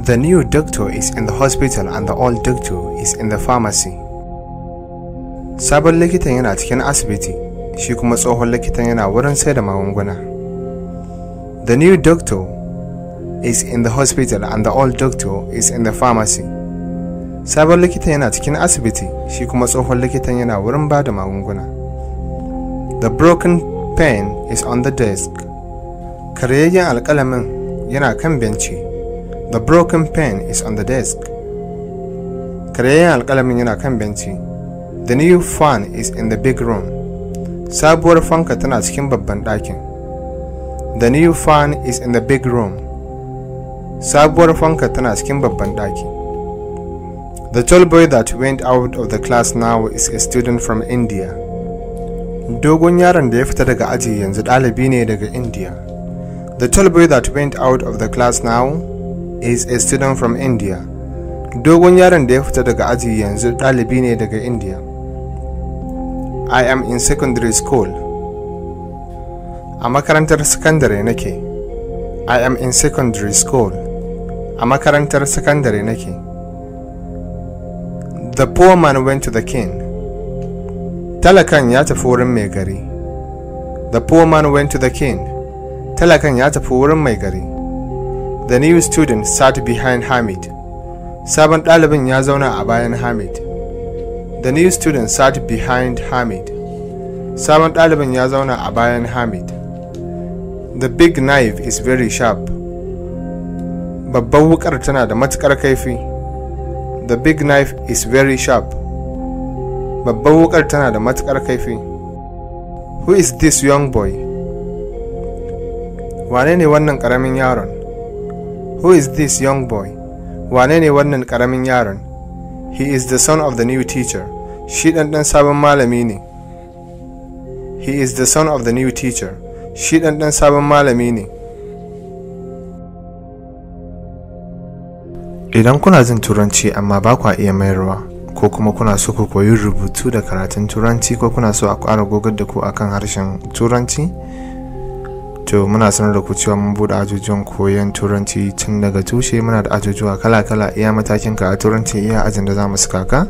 The new doctor is in the hospital and the old doctor is in the pharmacy. Sabon likitan yana cikin asibiti, shi kuma tsohon likitan yana wurin sai da magunguna. The new doctor is in the hospital and the old doctor is in the pharmacy. Sabon likitan yana cikin asibiti, shi kuma tsohon likitan yana wurin ba da magunguna. The broken pen is on the desk. Karyayyen alƙalamin yana kan benci. The broken pen is on the desk. Karayayyen alkalamin yana kan benci. The new fan is in the big room. Sabuwar fanka tana cikin babban ɗakin. The new fan is in the big room. Sabuwar fanka tana cikin babban ɗaki. The tall boy that went out of the class now is a student from India. Dogon yaron da ya fita daga aji yanzu ɗalibi ne daga India. The tall boy that went out of the class now is a student from India. Dogon yaron da ya fita daga aji yanzu ɗalibi ne daga India. I am in secondary school. A makarantar sakandare nake. I am in secondary school. A makarantar sakandare nake. The poor man went to the king. Talakan ya tafi wurin mai gari. The poor man went to the king. Talakan ya tafi wurin mai gari. The new student sat behind Hamid. Sabon ɗalibin ya zauna a bayan Hamid. The new student sat behind Hamid. Sabon ɗalibin ya zauna a bayan Hamid. The big knife is very sharp. Babban wukar tana da matuƙar kaifi. The big knife is very sharp. Babban wukar tana da matuƙar kaifi. Who is this young boy? Wane ne wannan ƙaramin yaron? Who is this young boy? Wane ne wannan ƙaramin yaron? He is the son of the new teacher. Shi ɗanɗan sabon malami ne. He is the son of the new teacher. Shi ɗan sabon malami ne. Idan kuna jin Turanci amma ba kwa iya mayarwa, ko kuma kuna so ku koyi rubutu da karatun Turanci ko kuna so a ƙara gogar da ku akan harshen Turanci, to muna sanar da ku cewa mun bude ajujuwan koyon turanci tun daga tushe muna da ajujuwa kala-kala iya matakin ka a turanci iya ajin da za mu saka ka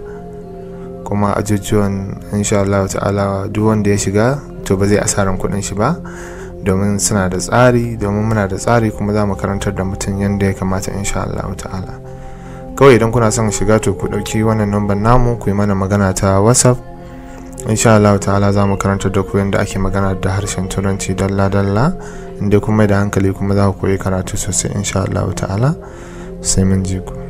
kuma ajujuwan insha Allah ta'ala duk wanda ya shiga to ba zai asaran kuɗin shi ba domin suna da tsari domin muna da tsari kuma za mu karantar da mutum yadda ya kamata insha Allah ta'ala kawai idan kuna son shiga to ku ɗauki wannan number namu ku yi mana magana ta whatsapp insha Allah ta'ala za mu karanta da ku yadda ake magana da harshen turanci dalla dalla inda kuma da hankali kuma za ku koyi karatu sosai insha Allah ta'ala sai mun ji ku